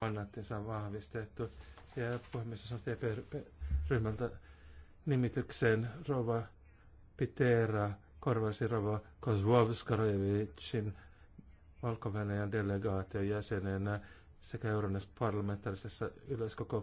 mandaattinsa on vahvistettu. Ja puhemies on e ryhmältä nimityksen Rova Pitera korvasi Rova Kozlovskarevicin valko delegaation jäsenenä sekä Euroopan parlamentaarisessa yleiskokouksessa